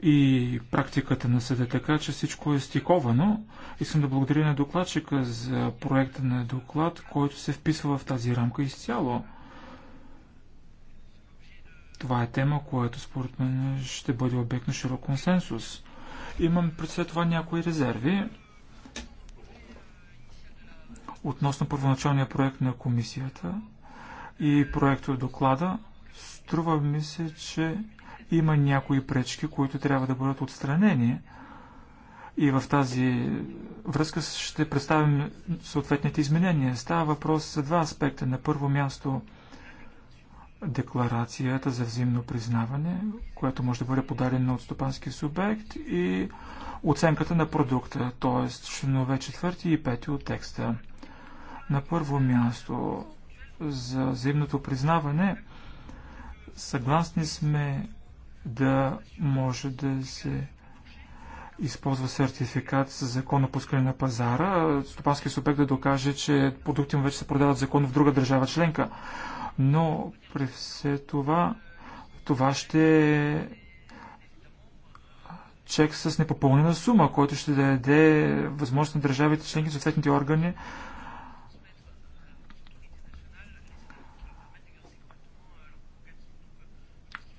Speaker 2: и практиката на съда, така че всичко е стиковано. Искам да благодаря на докладчика за проекта на доклад, който се вписва в тази рамка изцяло. Това е тема, която според мен ще бъде обект на широк консенсус. Имам пред след това някои резерви относно първоначалния проект на комисията и проекта доклада. Струва ми се, че има някои пречки, които трябва да бъдат отстранени. И в тази връзка ще представим съответните изменения. Става въпрос за два аспекта. На първо място декларацията за взаимно признаване, която може да бъде подадена от стопански субект и оценката на продукта, т.е. членове 4 и 5 от текста. На първо място за взаимното признаване съгласни сме да може да се използва сертификат с закон на пускане на пазара, стопански субект да докаже, че продукти му вече се продават законно в друга държава членка. Но при все това, това ще е чек с непопълнена сума, който ще даде възможност на държавите членки, съответните органи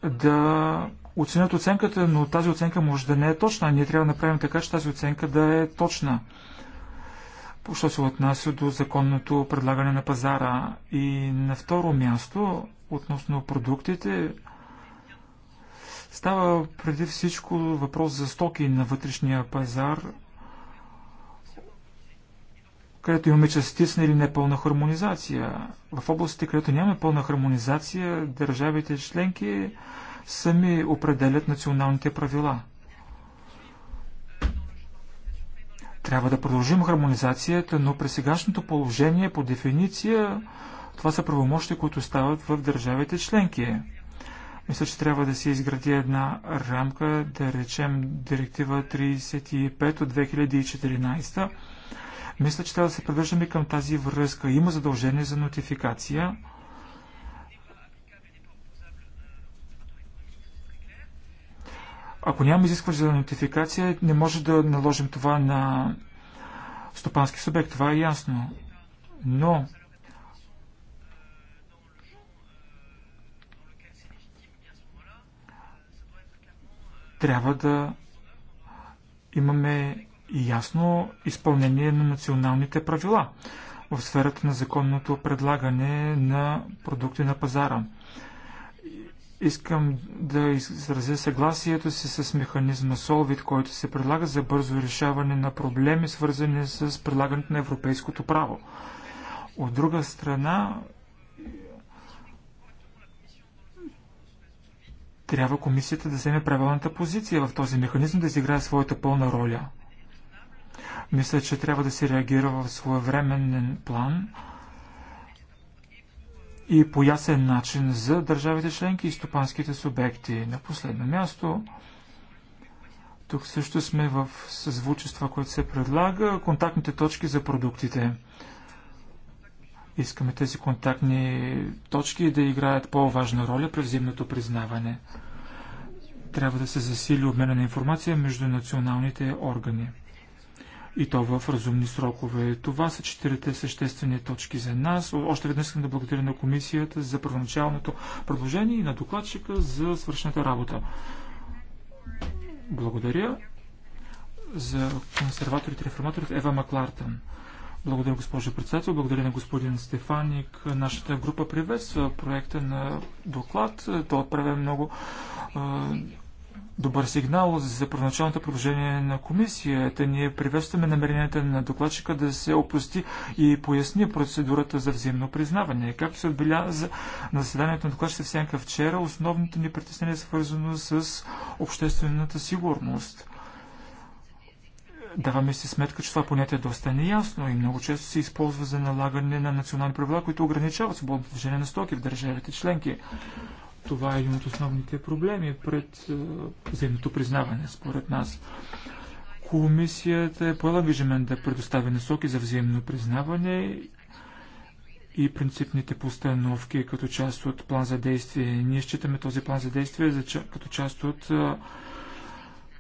Speaker 2: да оценят оценката, но тази оценка може да не е точна. Ние трябва да направим така, че тази оценка да е точна. Що се отнася до законното предлагане на пазара. И на второ място, относно продуктите, става преди всичко въпрос за стоки на вътрешния пазар, където имаме частична или непълна хармонизация. В областите, където няма пълна хармонизация, държавите членки сами определят националните правила. Трябва да продължим хармонизацията, но при сегашното положение, по дефиниция, това са правомощи, които стават в държавите членки. Мисля, че трябва да се изгради една рамка, да речем Директива 35 от 2014 мисля, че трябва да се придържаме към тази връзка. Има задължение за нотификация. Ако няма изискване за нотификация, не може да наложим това на стопански субект. Това е ясно. Но трябва да имаме и ясно изпълнение на националните правила в сферата на законното предлагане на продукти на пазара. Искам да изразя съгласието си с механизма Solvit, който се предлага за бързо решаване на проблеми, свързани с предлагането на европейското право. От друга страна, трябва комисията да вземе правилната позиция в този механизъм да изиграе своята пълна роля. Мисля, че трябва да се реагира в своевременен план и по ясен начин за държавите членки и стопанските субекти. На последно място, тук също сме в съзвучество, което се предлага, контактните точки за продуктите. Искаме тези контактни точки да играят по-важна роля при взаимното признаване. Трябва да се засили обмена на информация между националните органи и то в разумни срокове. Това са четирите съществени точки за нас. Още веднъж искам да благодаря на комисията за първоначалното предложение и на докладчика за свършната работа. Благодаря за консерваторите и реформаторите Ева Маклартън. Благодаря, госпожо председател. Благодаря на господин Стефаник. Нашата група приветства проекта на доклад. Той отправя много добър сигнал за първоначалното предложение на комисията. Ние приветстваме намеренията на докладчика да се опрости и поясни процедурата за взаимно признаване. Както се отбеляза на заседанието на докладчика Сянка вчера, основното ни притеснение е свързано с обществената сигурност. Даваме си сметка, че това понятие е доста неясно и много често се използва за налагане на национални правила, които ограничават свободното движение на стоки в държавите членки. Това е един от основните проблеми пред взаимното признаване, според нас. Комисията е поела ангажимент да предостави насоки за взаимно признаване и принципните постановки като част от план за действие. Ние считаме този план за действие за, като част от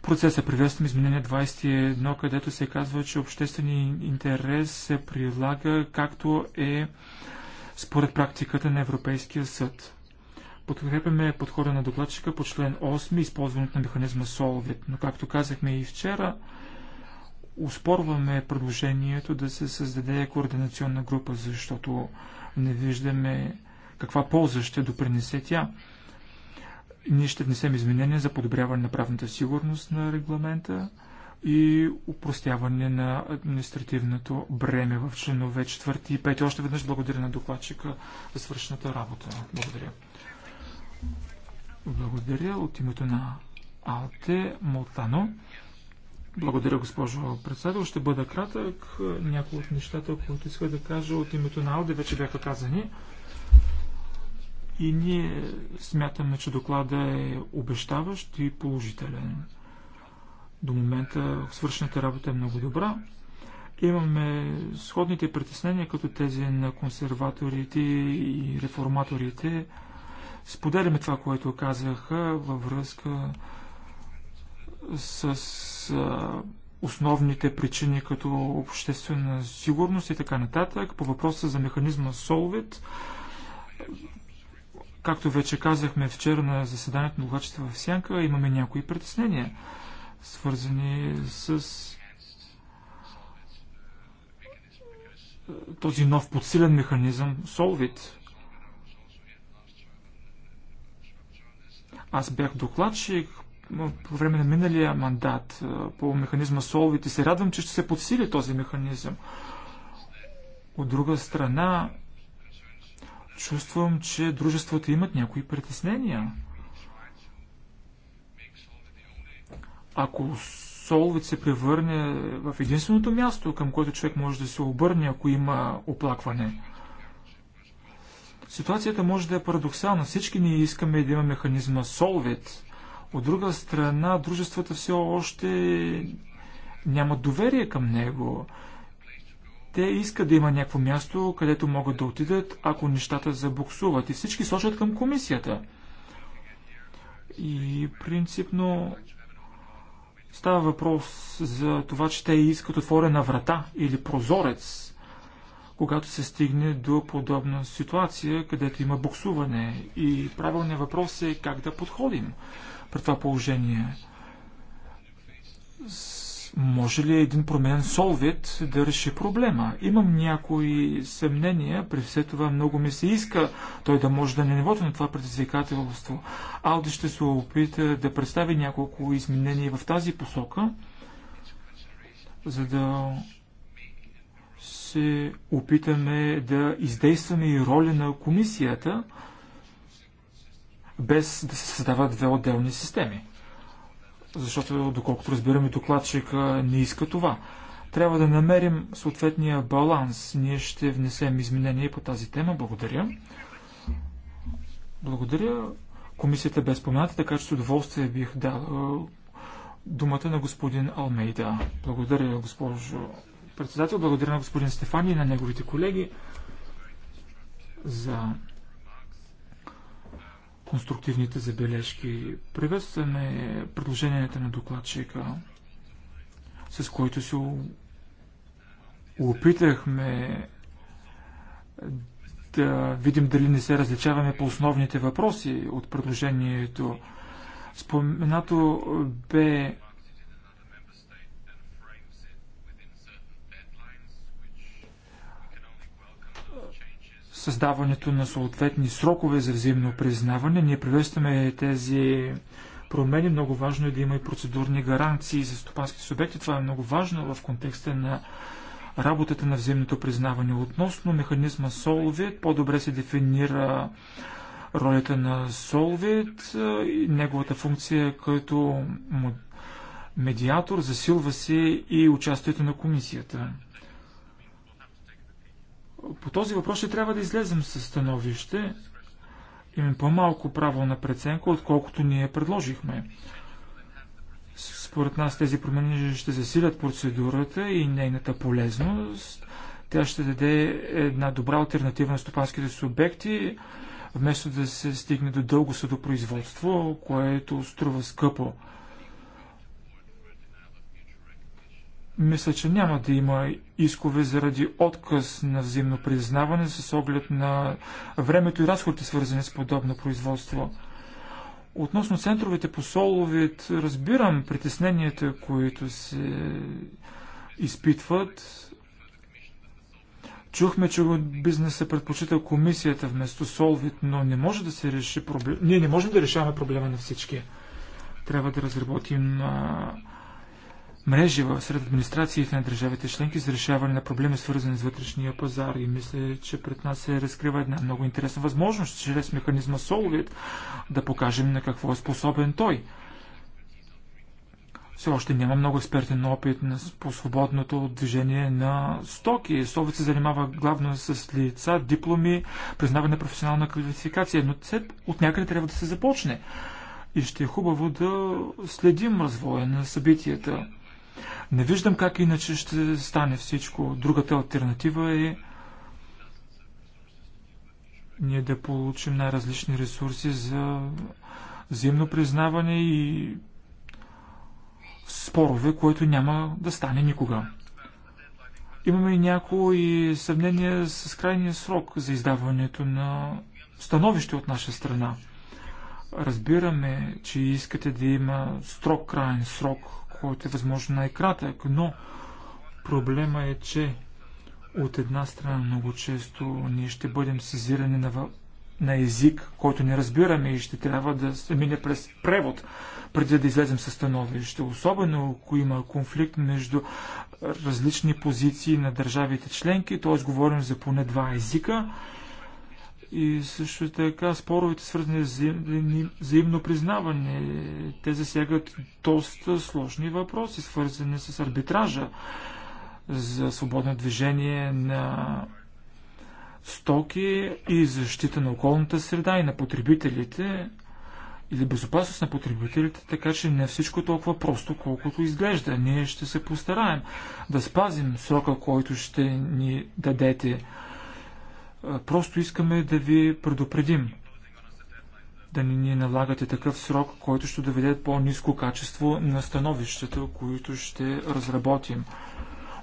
Speaker 2: процеса. Приветствам изменение 21, където се казва, че обществени интерес се прилага както е според практиката на Европейския съд. Подкрепяме подхода на докладчика по член 8 използването на механизма Соловит, но както казахме и вчера, успорваме предложението да се създаде координационна група, защото не виждаме каква полза ще допринесе тя. Ние ще внесем изменения за подобряване на правната сигурност на регламента и упростяване на административното бреме в членове 4 и 5. Още веднъж благодаря на докладчика за свършената работа. Благодаря. Благодаря от името на Алте Молтано. Благодаря, госпожо председател. Ще бъда кратък. Някои от нещата, които иска да кажа от името на Алде, вече бяха казани. И ние смятаме, че доклада е обещаващ и положителен. До момента свършената работа е много добра. Имаме сходните притеснения, като тези на консерваторите и реформаторите. Споделяме това, което казаха във връзка с основните причини като обществена сигурност и така нататък. По въпроса за механизма Solvit, както вече казахме вчера на заседанието на Логачества в Сянка, имаме някои притеснения, свързани с този нов подсилен механизъм Solvit. Аз бях докладчик по време на миналия мандат по механизма Соловите. се радвам, че ще се подсили този механизъм. От друга страна, чувствам, че дружествата имат някои притеснения. Ако Солвит се превърне в единственото място, към което човек може да се обърне, ако има оплакване, Ситуацията може да е парадоксална. Всички ние искаме да има механизма Solvit. От друга страна, дружествата все още нямат доверие към него. Те искат да има някакво място, където могат да отидат, ако нещата забуксуват. И всички сочат към комисията. И принципно става въпрос за това, че те искат отворена врата или прозорец когато се стигне до подобна ситуация, където има буксуване. И правилният въпрос е как да подходим при това положение. Може ли един променен солвет да реши проблема? Имам някои съмнения, при все това много ми се иска той да може да не е нивото на това предизвикателство. Алди ще се опита да представи няколко изменения в тази посока, за да се опитаме да издействаме и роля на комисията, без да се създават две отделни системи. Защото, доколкото разбираме, докладчика не иска това. Трябва да намерим съответния баланс. Ние ще внесем изменения по тази тема. Благодаря. Благодаря. Комисията е бе спомената, така че с удоволствие бих дал думата на господин Алмейда. Благодаря, госпожо председател. Благодаря на господин Стефан и на неговите колеги за конструктивните забележки. Приветстваме предложенията на докладчика, с който се опитахме да видим дали не се различаваме по основните въпроси от предложението. Споменато бе създаването на съответни срокове за взаимно признаване. Ние приветстваме тези промени. Много важно е да има и процедурни гаранции за стопански субекти. Това е много важно в контекста на работата на взаимното признаване. Относно механизма Solvit, по-добре се дефинира ролята на Solvit и неговата функция като медиатор засилва се и участието на комисията. По този въпрос ще трябва да излезем с становище. Имам по-малко право на преценка, отколкото ние предложихме. Според нас тези промени ще засилят процедурата и нейната полезност. Тя ще даде една добра альтернатива на стопанските субекти, вместо да се стигне до дълго съдопроизводство, което струва скъпо. Мисля, че няма да има искове заради отказ на взаимно признаване с оглед на времето и разходите, свързани с подобно производство. Относно центровете по Соловит, разбирам притесненията, които се изпитват. Чухме, че бизнеса предпочита комисията вместо Солвит, но не може да се реши проблем. Ние не можем да решаваме проблема на всички. Трябва да разработим а, мрежи в сред администрациите на държавите членки за решаване на проблеми, свързани с вътрешния пазар. И мисля, че пред нас се разкрива една много интересна възможност, чрез механизма Solvit, да покажем на какво е способен той. Все още няма много експертен опит на, по свободното движение на стоки. Солвит се занимава главно с лица, дипломи, признаване на професионална квалификация, но от някъде трябва да се започне. И ще е хубаво да следим развоя на събитията. Не виждам как иначе ще стане всичко. Другата альтернатива е ние да получим най-различни ресурси за взаимно признаване и спорове, което няма да стане никога. Имаме и някои съмнения с крайния срок за издаването на становище от наша страна. Разбираме, че искате да има строг крайен срок който е възможно най-кратък, но проблема е, че от една страна много често ние ще бъдем сезирани на, на език, който не разбираме и ще трябва да се мине през превод, преди да излезем със становище. Особено ако има конфликт между различни позиции на държавите членки, т.е. говорим за поне два езика и също така споровете свързани с взаимно признаване, те засягат доста сложни въпроси, свързани с арбитража за свободно движение на стоки и защита на околната среда и на потребителите или безопасност на потребителите, така че не всичко е толкова просто, колкото изглежда. Ние ще се постараем да спазим срока, който ще ни дадете Просто искаме да ви предупредим да не ни налагате такъв срок, който ще доведе по-низко качество на становищата, които ще разработим.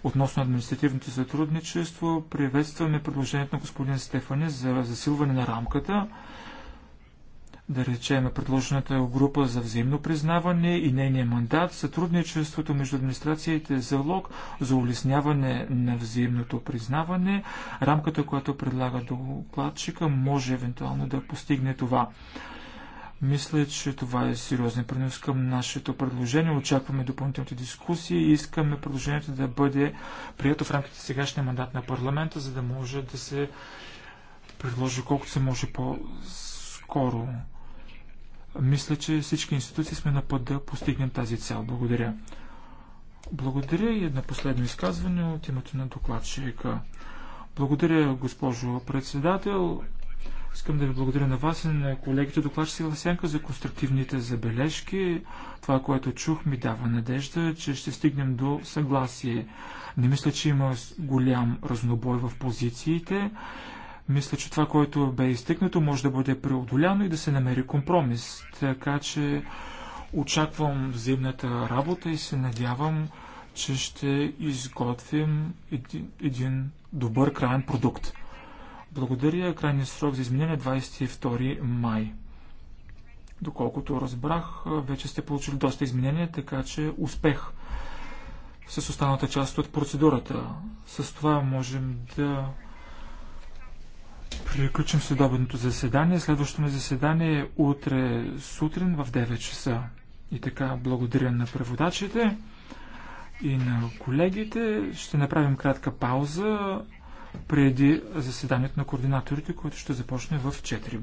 Speaker 2: Относно административното сътрудничество, приветстваме предложението на господин Стефани за засилване на рамката да речем предложената група за взаимно признаване и нейния мандат, сътрудничеството между администрациите е залог за улесняване на взаимното признаване. Рамката, която предлага докладчика, може евентуално да постигне това. Мисля, че това е сериозен принос към нашето предложение. Очакваме допълнителните дискусии и искаме предложението да бъде прието в рамките сегашния мандат на парламента, за да може да се предложи колкото се може по-скоро. Мисля, че всички институции сме на път да постигнем тази цел. Благодаря. Благодаря и едно последно изказване от името на докладчика. Благодаря, госпожо председател. Искам да ви благодаря на вас и на колегите докладчици в за конструктивните забележки. Това, което чух, ми дава надежда, че ще стигнем до съгласие. Не мисля, че има голям разнобой в позициите. Мисля, че това, което бе изтъкнато, може да бъде преодоляно и да се намери компромис. Така че очаквам взаимната работа и се надявам, че ще изготвим един, един добър крайен продукт. Благодаря. Крайният срок за изменение 22 е май. Доколкото разбрах, вече сте получили доста изменения, така че успех с останалата част от процедурата. С това можем да Приключим следобедното заседание. Следващото ми заседание е утре сутрин в 9 часа. И така, благодаря на преводачите и на колегите. Ще направим кратка пауза преди заседанието на координаторите, което ще започне в 4.